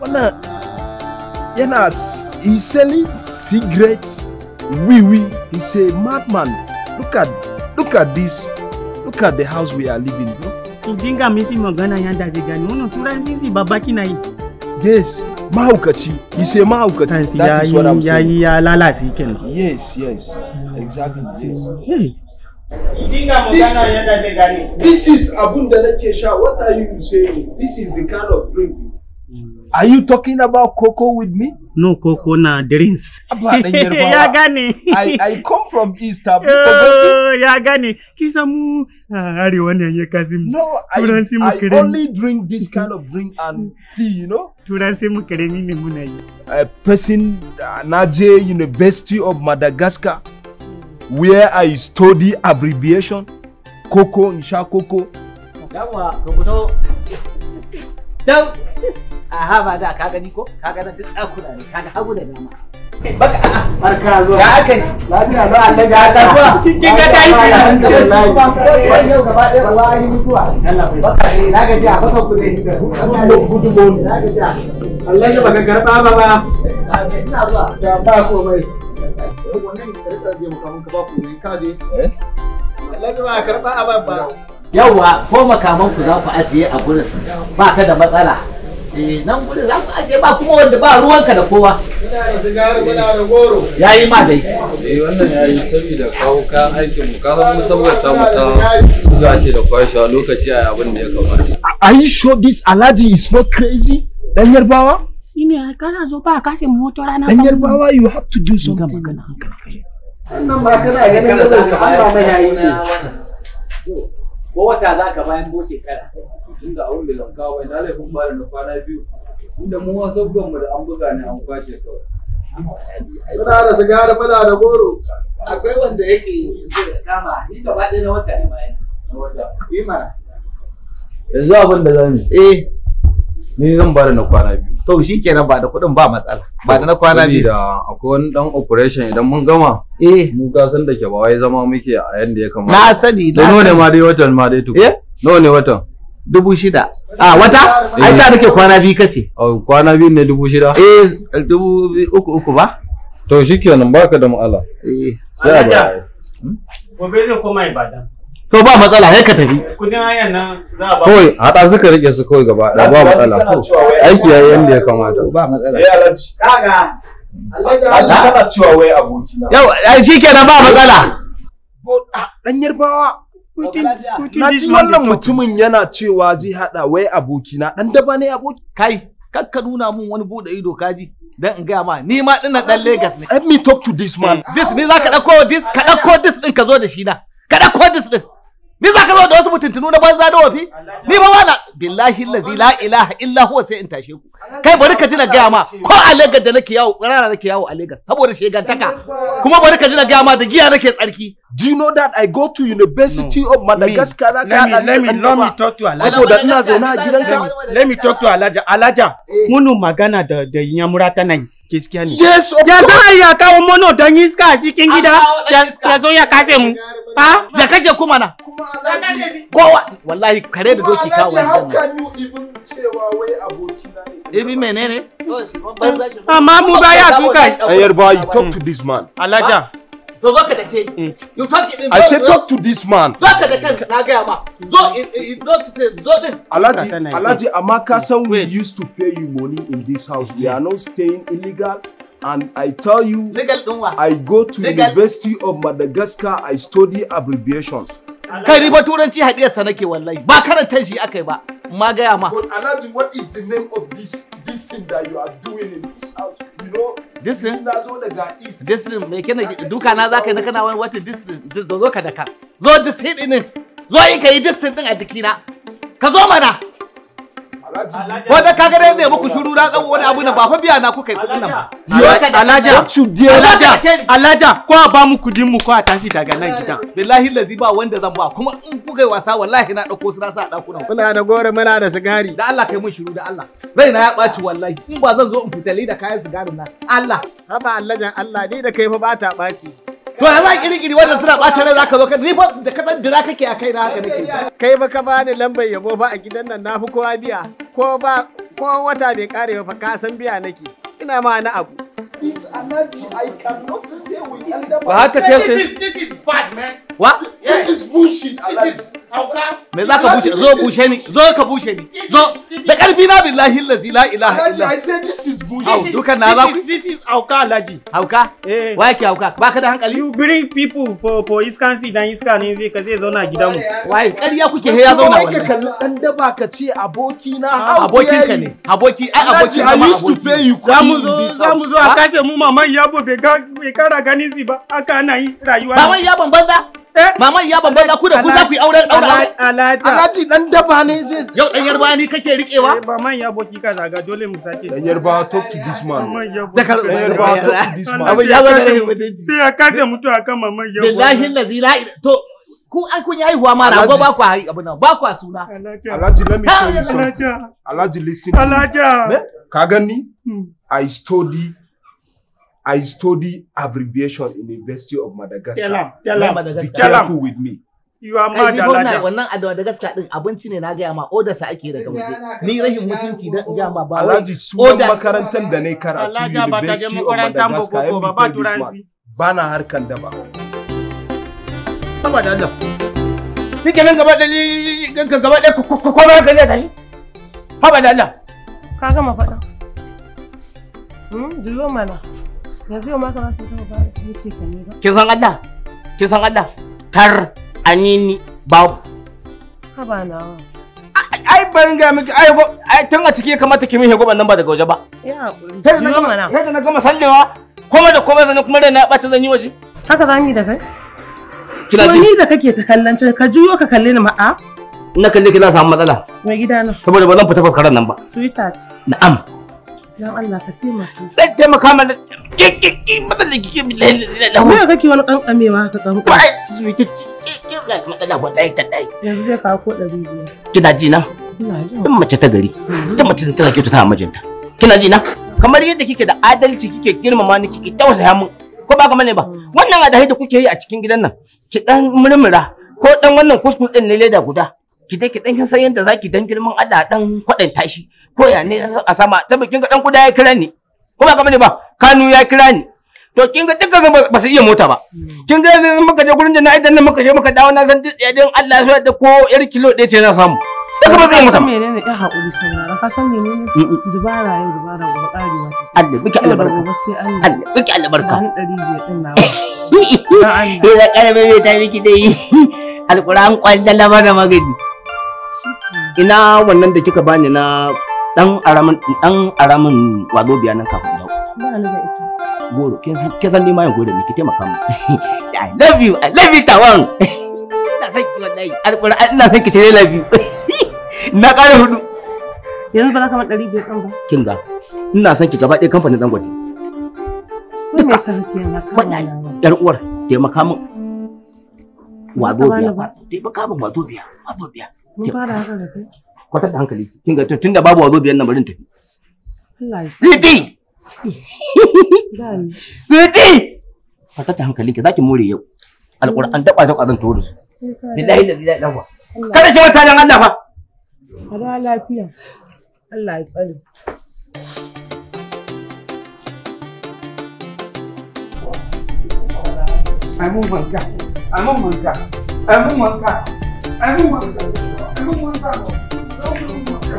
Wannan yana he's selling cigarettes. Wee oui, wee. Oui. He's a madman. Look at look at this. Look at the house we are living. Dinga misi magana yanda gani si kina Yes, maukachi. He's a maukachi. That is what I'm saying. ya Yes, yes. Exactly, yes. Hey. This, this is abunda nake What are you saying? This is the kind of drink. Are you talking about cocoa with me? No, cocoa na drinks. ya I, I come from East Africa. Oh, ya gane. mu ah, ne ya No, I, I only drink this kind of drink and tea, you know? mu A person, uh, Naje University of Madagascar. where I study abbreviation, Koko Insha Koko. Dan a haba da ka gani ko Baka, gani duk ɗakuna ne baka, ga hagu da dama. Baka a'a barka zuwa. Ya aka baka, Lafiya na Allah ya ta zuwa. baka, ga ta yi fiye baka, ce ba. Wai yau baka, ɗaya ba yi mutuwa. Baka ne na gaji a baka ku ne. Gudu gudu. baka, gaji a. Allah ya baka karɓa ba ba. baka, zuwa. Ba komai. ɗauko ba ka ba ko makaman ku za ku ajiye a gurin ba ka da matsala eh nan gurin za ku ajiye ba kuma wanda ba ruwanka da kowa ina da sigari muna da goro yayi ma dai eh wannan yayi saboda kawo kayan aikin mu kawo mu saboda ta mu ta za ce da kwashewa lokaci a abin da ya kamata are you sure this alaji is not crazy dan yarbawa shine kana zo ba ka sai mu wata rana dan yarbawa you have to do something ga magana hankali wannan ba kana ganin da zan ka fara mai yayi ne ko wata za ka bayan ko shekara tunda abun da zan kawo bai dalai kun fara da kwana biyu inda mu wasan mu da an buga ne an kwashe kawai Muna da sigara muna da goro. Akwai wanda yake dama ni gaba ɗaya na wata ne ma yanzu. Ima. Yanzu abin da Eh. ni zan bada na kwana biyu to shikenan ba da kuɗin ba matsala ba da na kwana biyu da akwai wani dan operation idan mun gama eh mu ga san da ke ba wai zama muke a yanda ya kamata na sani da nawa ne ma dai watan ma dai tuku eh nawa ne watan dubu shida a wata eh. ai ta nake kwana biyu kace kwana biyu ne dubu shida eh dubu uku uku ba to shikenan baka da mu'ala eh sai a ba gobe zai koma ibadan to ba matsala sai ka tafi kudin hayan nan za a ba kawai hada suka rike su kawai gaba da ba matsala aiki yayi yanda ya kamata ba matsala eh alhaji kaga alhaji kana cewa wai abokina. na yau ai shikenan ba matsala dan ah, yarbawa na ji wannan mutumin yana cewa zai hada wai abokina dan daba ne aboki kai kar ka nuna mun wani bude ido kaji dan in gaya ma ni ma dinnan dan Lagos ne let me talk to this man eh. this ne zaka dauko this ka dauko this din ka zo da shi na ka dauko this din ni za zo da wasu mutuntunu na banza da wafi ni ba wala billahi allazi la ilaha illa huwa sai in tashe ku kai bari ka ji na gaya ma ko a Lagos da nake yawo tsirara nake yawo a Lagos saboda shegantaka kuma bari ka ji na gaya ma da giya nake tsarki do you know that i go to university of madagascar me, let me let me let me talk to alaja saboda ina na a gidan let me talk to alaja alaja munu eh. magana da da yamura nan gaskiya ne yes of ya za a ya kawo mono don iska a cikin gida ya zo ya katse mu ha ya kace kuma na kowa wallahi kare da doki kawo how can you even cewa wai aboki na ne ibi menene amma mu ba ya suka ayar bayi talk to this man alaja ah. to zo ka da mm. you talk in I say talk to this man zo ka da kanka na gaya ma zo zo din Alhaji Alhaji amma ka mm. we used to pay you money in this house we mm. are not staying illegal and I tell you legal I go to the University of Madagascar I study abbreviation kai ba turanci sa nake wallahi ba karanta shi akai ba ma gaya ma but Alhaji what is the name of this this thing that you are doing in this house you know Dislin? Na zo daga East. Dislin, me kana duka na zaka yi kana wani wata dislin, zo ka daka. Zo dislin din. Zo yi ka yi dislin din a jikina. Ka zo mana. wanda kaga dai ne muku shuru na dan wani abu na ba fa biya na kuka yi kudin nan ba alaja alaja alaja ko a ba mu kudin mu ko a tasi daga nan gidan billahi lazi ba wanda zan ba kuma in kuka yi wasa wallahi na dauko su na sa dakunan muna da gore muna da sigari da Allah kai mun shiru da Allah raina ya baci wallahi in ba zan zo in fitali da kayan sigarin na. Allah haba alajan Allah ni da kai fa ba ta baci to ya za ki rikiri wannan suna ɓata rai zaka zo ka ni ba da ka san dira kake a kai na haka nake kai ba ka bani lambar yabo ba a gidan nan na fi kowa biya ko ba ko wata bai kare ba fa ka san biya nake ina ma abu This allergy, I cannot deal this. Is, This is, this is bad, man. This is bullshit. This is Me za ka bushe, ni, zo bushe ni. Zo. Da karfi na billahi la ilaha I said this is bullshit. Au, duka na za ku. This is hauka Hauka? Eh. ki hauka? ka da hankali? You bring people for for iskansi dan iska ka zai zauna gidan mu. ƙarya kuke he ya zauna wannan. Ka kalli dan ce aboki na. Ah. Abokin Aboki, ai aboki I used to pay you. Ya mu zo a kase mu maman yabo bai kara si ba haka ana yi rayuwa maman yabon banza eh? maman yabon banza ku da ku za ku yi auren auren alhaji dan daba ne zai yau dan yarba ni kake rikewa eh, maman yabo ki ka zaga dole mu sake dan yarba talk to this man dan yarba talk to this man abin yabo ne sai a kase mutu akan maman billahi to ku an kun yi haihuwa ma rago ba ku abin nan ba ku suna Alhaji let me tell you something Alhaji listen Alhaji ka gani hmm. I study I study abbreviation in University of Madagascar. Tell him, tell him, be careful with me. You are mad Alhaji. Wannan a Madagascar din abinci ne na gaya ma odarsa ake daga waje. Ni rahin mutunci da gaya ma ba. Alhaji sunan makarantar da na karatu University of Madagascar. Ba na harkan daba. Haba da Allah. Shi kenan gaba ɗaya gaba ɗaya ko ba ka ne tashi? Haba da Allah. Ka gama faɗa. Hmm, Duro mana. Yanzu yau ma ka ba ni ba ka ne ba. Kin san Allah? Kin san Allah? Tar anini babu. Haba nawa. ai ban ga miki ai ai tun a ciki kamata ki min hego nan ba daga waje ba ya hakuri kai na gama sallewa kuma da kuma zan kuma raina ya bace zan yi waje haka zan yi da kai kina ji ni da kake ta kallon ka juyo ka kalle ni ma'a ina kalle ki na samu matsala mai gida na saboda ba zan fita fuskar nan ba sweetheart na'am dan Allah ka taimaka zan taimaka mana ki ki kikiki matsala mi lalle lalle ko me kake wani kankamewa haka kankan ai sweetheart ki matsala ba dai ta dai yanzu zai kawo ko dari biyu kina ji na ina mace ta gari ta mace tana ta mijinta kina ji na kamar yadda kike da adalci kike girmama ni kike tausaya mun ko ba kamar ne ba wannan adahi da kuke yi a cikin gidan nan ki dan murmura ko dan wannan kuskus din ne leda guda ki dai ki dan san yanda zaki dan girman Allah dan kwadan tashi ko ya ne a sama ta bikin ga dan guda ya kira ni ko ba kamar ne ba kanu ya kira ni to kin ga dukkan ba su iya mota ba kin ga muka je gurin da na idan muka je muka dawo na san din Allah ya so da ko yar kilo ɗaya ce na samu Daga ba zai mutum. Menene ya haƙuri saurara? Ka san Dubara yau dubara gobe ƙarewa. Allah biki albarka. Allah. biki albarka. Ba ɗari biyar ɗin nawa. Ina ƙarami mai ta miki dai. Alƙur'an ƙwallon lama da magani. Ina wannan da kika bani na ɗan aramin ɗan aramin wazo biya nan kafin yau. Goro, san ni ma yin goro ne ki taimaka mu. I love you, I love you Tawan. Ina son ki wallahi, alƙur'an ina son ki tare love you. na ƙara hudu yanzu ba za ka ɗari biyar ɗan ba kin ga ina son ki gaba ɗaya kamfanin dangote duka wallahi yar uwar taimaka min biya taimaka min biya biya mun fara haka da kai kwatar da hankali kin ga babu biyan nan bari in tafi Siti! Siti! Fata ta hankalinki za ki more yau. daɓa zan su. da zai Kada ki dan Allah fa. a lafiya Allah ya tsare ai mun wanka ai mun wanka ai mun wanka ai mun wanka ai mun wanka ai mun wanka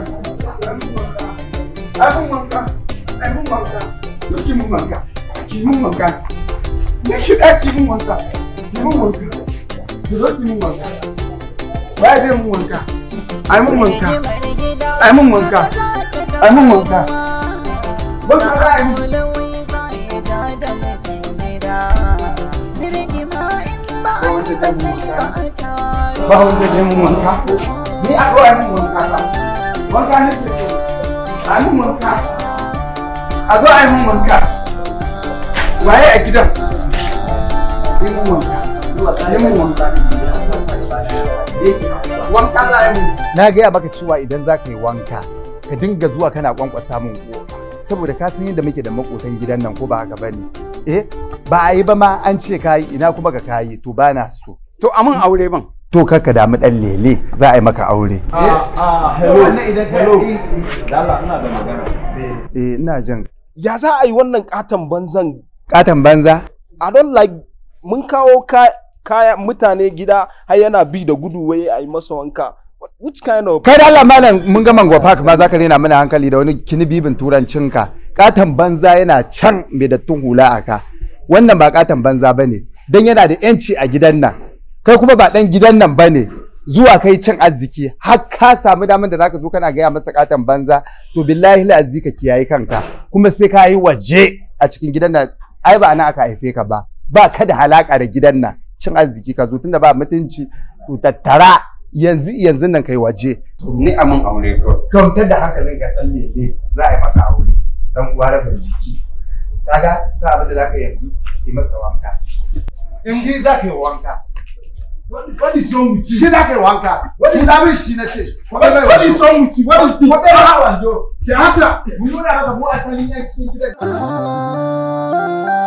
ai mun wanka ai mun wanka ki mun wanka ki mun wanka ne shi da ki mun wanka ki mun wanka ki zo ki mun wanka ba zai mun wanka ai mun wanka ai mun wanka ai mun wanka wanka za a yi ba wanda zai mun wanka ni a kawai mun wanka ba wanka ne ke a mun wanka a zo yi mun wanka waye a gidan yi mun wanka yi mun wanka wanka za a yi na gaya maka cewa idan za ka yi wanka ka dinga zuwa kana kwankwasa min kofa saboda ka san yadda muke da makotan gidan nan ko ba haka bane eh ba a yi ba ma an ce kayi ina kuma ka kayi to ba na so to amin aure ban to kar ka damu dan lele za a yi maka aure ah, ah, wannan idan ka yi dala eh, ina da magana eh, eh ina jin ya za a yi wannan katan banzan katan banza i don't like mun kawo ka kaya mutane gida har yana bi da gudu waye a yi wanka which kind of kai da Allah malam mun ga Mango Park ma zaka rena mana hankali da wani kinibibin turancin ka katan banza yana can mai dattin hula aka wannan ba katan banza bane dan yana da yanci a gidan nan kai kuma ba dan gidan nan bane zuwa kai cin arziki har ka samu damar da zaka zo kana gaya masa katan banza to billahi la azika kiyaye kanka kuma sai ka yi waje a cikin gidan nan ai ba nan aka haife ka ba ba ka da halaka da gidan nan cin arziki ka zo tunda ba mutunci to tattara yanzu yanzu nan kai waje ni amin aure kawai kamtar da hankalin ga dan lele za a yi maka aure dan uwa da jiki kaga sa abin da zaka yanzu yi masa wanka in ji zaka yi wanka What is wrong with you? She that a wanka. What is that she na ce? What is wrong with you? What is this? What happened? Ki haka. Mu nuna maka asalin yan cikin gidan. Ah.